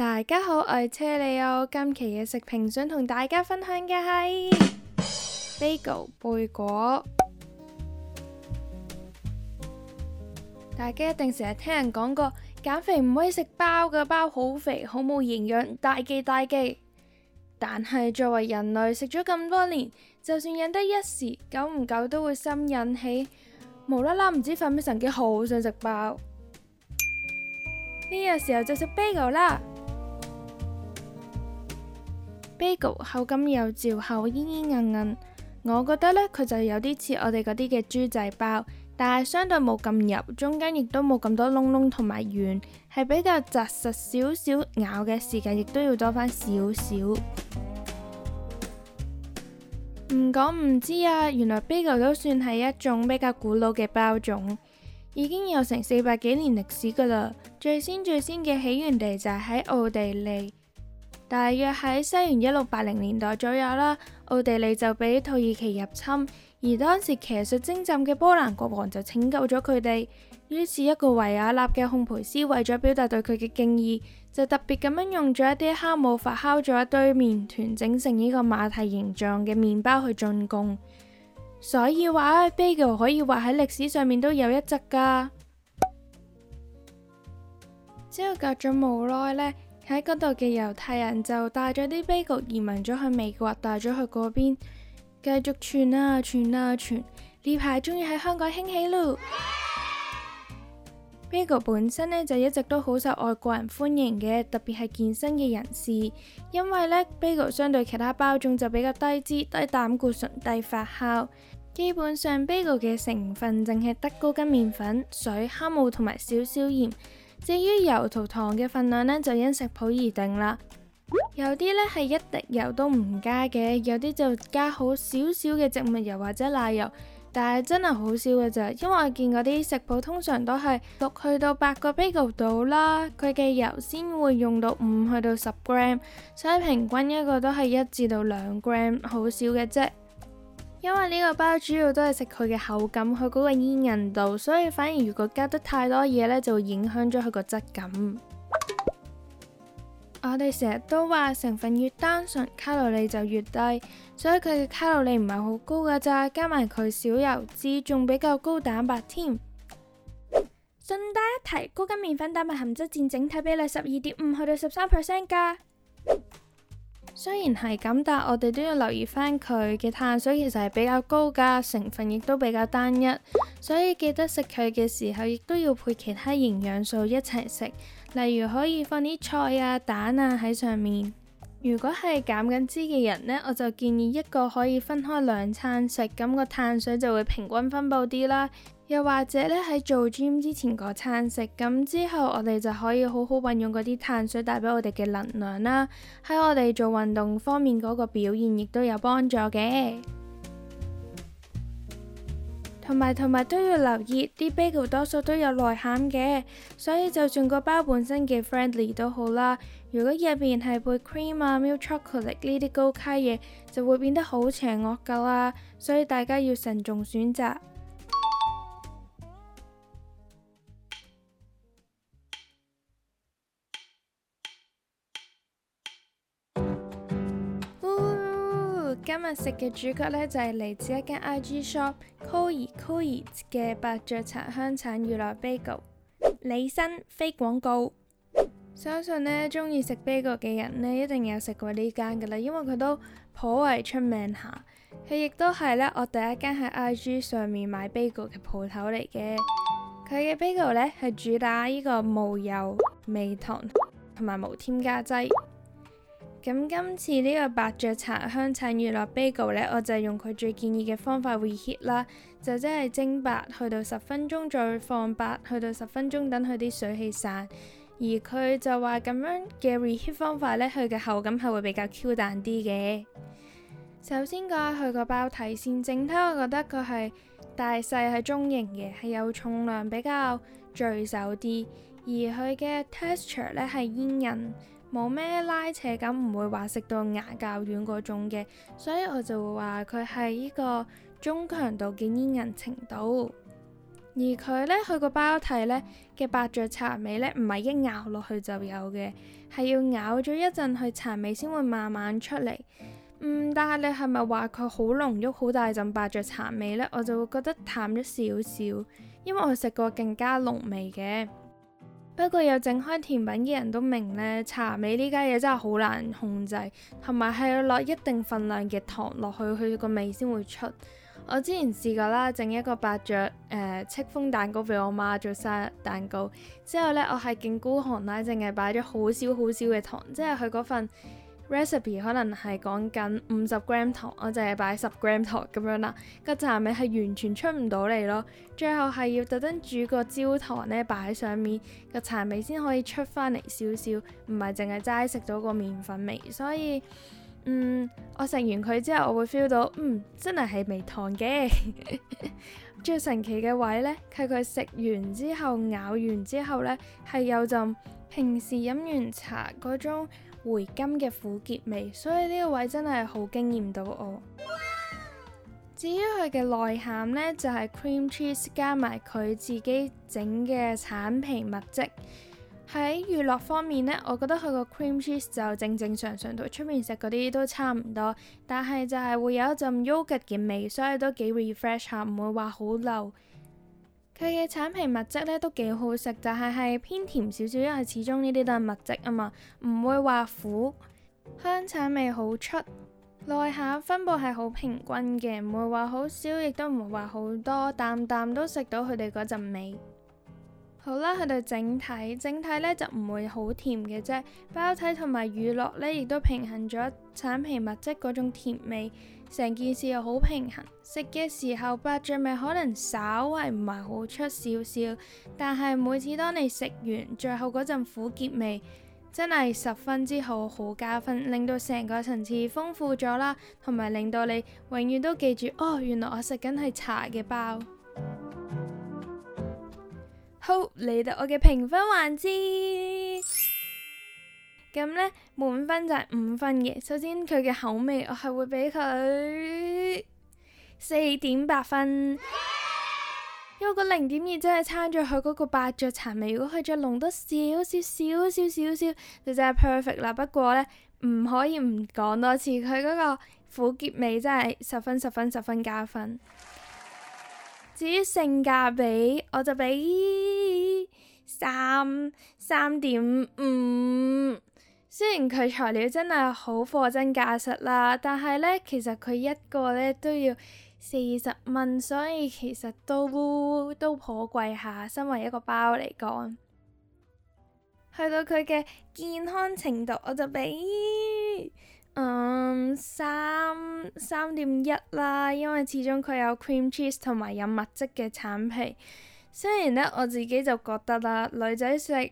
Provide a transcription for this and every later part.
大家好，我係車里奧。今期嘅食評想同大家分享嘅係 Bagel 貝果。大家一定成日聽人講過減肥唔可以食包嘅，包好肥好冇營養，大忌大忌。但係作為人類食咗咁多年，就算忍得一時，久唔久都會心癮起無啦啦唔知發咩神經，好想食包。呢個時候就食 Bagel 啦。bagel 口感有嚼口，煙煙韌韌，我覺得呢，佢就有啲似我哋嗰啲嘅豬仔包，但係相對冇咁油，中間亦都冇咁多窿窿同埋圓，係比較扎實少少，咬嘅時間亦都要多翻少少。唔講唔知啊，原來 bagel 都算係一種比較古老嘅包種，已經有成四百幾年歷史噶啦。最先最先嘅起源地就係喺奧地利。大約喺西元一六八零年代左右啦，奧地利就俾土耳其入侵，而當時騎術精湛嘅波蘭國王就拯救咗佢哋。於是，一個維也納嘅烘焙師為咗表達對佢嘅敬意，就特別咁樣用咗一啲酵母發酵咗一堆麵團，整成呢個馬蹄形狀嘅麵包去進貢。所以話，Bagel 可以話喺歷史上面都有一席噶。之後隔咗冇耐呢。喺嗰度嘅猶太人就帶咗啲 Bagel 移民咗去美國，帶咗去嗰邊，繼續傳啦、啊、傳啦、啊、傳。呢排終於喺香港興起咯 Bagel 本身呢就一直都好受外國人歡迎嘅，特別係健身嘅人士，因為呢 Bagel 相對其他包種就比較低脂、低膽固醇、低發酵。基本上 Bagel 嘅成分淨係得高筋麵粉、水、酵母同埋少少鹽。至於油同糖嘅份量呢，就因食譜而定啦。有啲呢係一滴油都唔加嘅，有啲就加好少少嘅植物油或者奶油，但係真係好少嘅咋！因為我見嗰啲食譜通常都係六去到八個 bagel 度啦，佢嘅油先會用到五去到十 gram，所以平均一個都係一至到兩 gram，好少嘅啫。因為呢個包主要都係食佢嘅口感，佢嗰個煙韌度，所以反而如果加得太多嘢呢就會影響咗佢個質感。 我哋成日都話成分越單純，卡路里就越低，所以佢嘅卡路里唔係好高噶咋，加埋佢少油脂，仲比較高蛋白添。順帶一提，高筋麵粉蛋白含質佔整體比例十二點五去到十三 percent 噶。雖然係咁，但係我哋都要留意返佢嘅碳水其實係比較高㗎，成分亦都比較單一，所以記得食佢嘅時候，亦都要配其他營養素一齊食，例如可以放啲菜啊、蛋啊喺上面。如果係減緊脂嘅人呢，我就建議一個可以分開兩餐食，咁個碳水就會平均分佈啲啦。又或者呢，喺做 gym 之前嗰餐食，咁之後我哋就可以好好運用嗰啲碳水帶俾我哋嘅能量啦，喺我哋做運動方面嗰個表現亦都有幫助嘅。同埋同埋都要留意啲 bagel 多數都有內餡嘅，所以就算個包本身幾 friendly 都好啦。如果入面係配 cream 啊、milk chocolate 呢啲高卡嘢，就會變得好邪惡㗎喇，所以大家要慎重選擇。.今日食嘅主角呢，就係、是、嚟自一間 IG shop Coco 嘅伯爵茶香橙芋泥 bagel。利申非廣告，相信呢中意食 bagel 嘅人呢，一定有食過呢間噶啦，因為佢都頗為出名吓。佢亦都係呢，我第一間喺 IG 上面買 bagel 嘅鋪頭嚟嘅。佢嘅 bagel 呢，係主打呢個無油、無糖同埋無添加劑。咁今次呢個白雀茶香橙月落 Bagel 呢，我就用佢最建議嘅方法 reheat 啦，at, 就即係蒸白去到十分鐘，再放白去到十分鐘，等佢啲水氣散。而佢就話咁樣嘅 reheat 方法呢，佢嘅口感係會比較 Q 彈啲嘅。首先講下佢個包體先，整體我覺得佢係大細係中型嘅，係有重量比較聚手啲，而佢嘅 texture 呢係煙韌。冇咩拉扯感，唔會話食到牙較軟嗰種嘅，所以我就會話佢係呢個中強度嘅煙韌程度。而佢呢，佢個包體呢嘅白灼茶味呢，唔係一咬落去就有嘅，係要咬咗一陣佢茶味先會慢慢出嚟。嗯，但係你係咪話佢好濃郁、好大陣白灼茶味呢？我就會覺得淡咗少少，因為我食過更加濃味嘅。不過有整開甜品嘅人都明呢，茶味呢家嘢真係好難控制，同埋係要落一定份量嘅糖落去，佢個味先會出。我之前試過啦，整一個伯爵誒、呃、戚風蛋糕俾我媽做生日蛋糕，之後呢，我係勁孤寒啦，淨係擺咗好少好少嘅糖，即係佢嗰份。Recipe 可能係講緊五十 gram 糖，我就係擺十 gram 糖咁樣啦。個茶味係完全出唔到嚟咯。最後係要特登煮個焦糖呢，擺上面個茶味先可以出翻嚟少少，唔係淨係齋食到個麵粉味。所以，嗯，我食完佢之後，我會 feel 到，嗯，真係係微糖嘅。 最神奇嘅位呢，係佢食完之後咬完之後呢，係有陣平時飲完茶嗰種回甘嘅苦澀味，所以呢個位真係好驚豔到我。至於佢嘅內餡呢，就係 cream cheese 加埋佢自己整嘅橙皮蜜汁。喺娛樂方面呢，我覺得佢個 cream cheese 就正正常常，同出面食嗰啲都差唔多，但係就係會有一陣 yogurt 嘅味，所以都幾 refresh 下，唔會話好流。佢嘅橙皮物質呢都幾好食，就係、係、係偏甜少少，因為始終呢啲都係物質啊嘛，唔會話苦，香橙味好出，內餡分布係好平均嘅，唔會話好少，亦都唔會話好多，啖啖都食到佢哋嗰陣味。好啦，去到整體，整體呢就唔會好甜嘅啫，包體同埋乳酪呢亦都平衡咗橙皮物質嗰種甜味，成件事又好平衡。食嘅時候，伯爵味可能稍微唔係好出少少，但係每次當你食完，最後嗰陣苦澀味真係十分之好，好加分，令到成個層次豐富咗啦，同埋令到你永遠都記住，哦、oh,，原來我食緊係茶嘅包。好，嚟到我嘅評分環節，咁 呢，滿分就係五分嘅。首先佢嘅口味我係會俾佢四點八分， 因為個零點二真係撐咗佢嗰個伯爵茶味。如果佢再濃多少少少少少，就真係 perfect 啦。不過呢，唔可以唔講多次，佢嗰個苦澀味真係十分十分十分加分。至於性價比，我就俾三三點五。雖然佢材料真係好貨真價實啦，但係呢，其實佢一個呢都要四十蚊，所以其實都都頗貴下。身為一個包嚟講，去到佢嘅健康程度，我就俾。嗯，三三點一啦，因為始終佢有 cream cheese 同埋有，有物質嘅橙皮。雖然咧，我自己就覺得啦，女仔食誒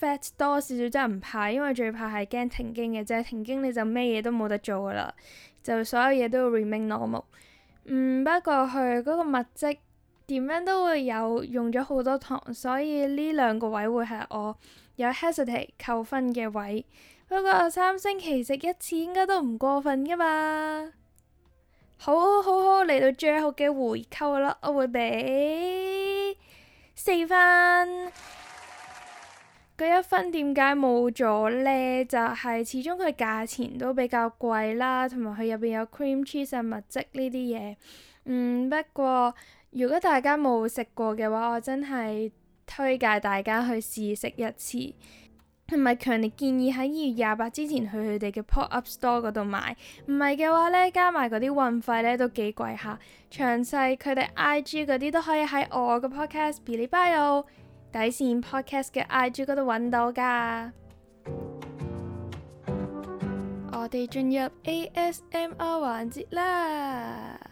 fat 多少少真係唔怕，因為最怕係驚停經嘅啫，停經你就咩嘢都冇得做噶啦，就所有嘢都要 remain normal。嗯，不過佢嗰個物質。點樣都會有用咗好多糖，所以呢兩個位會係我有 hesitate 扣分嘅位。不過三星期食一次應該都唔過分噶嘛？好好好，嚟到最後嘅回購啦，我會俾四分。嗰 一分點解冇咗咧？就係、是、始終佢價錢都比較貴啦，同埋佢入邊有 cream cheese 啊、物質呢啲嘢。嗯，不過～如果大家冇食過嘅話，我真係推介大家去試食一次，同埋強烈建議喺二月廿八之前去佢哋嘅 pop up store 嗰度買。唔係嘅話呢，加埋嗰啲運費呢都幾貴下。詳細佢哋 IG 嗰啲都可以喺我嘅 podcast 比你巴友底線 podcast 嘅 IG 嗰度搵到噶。 我哋進入 ASMR 環節啦。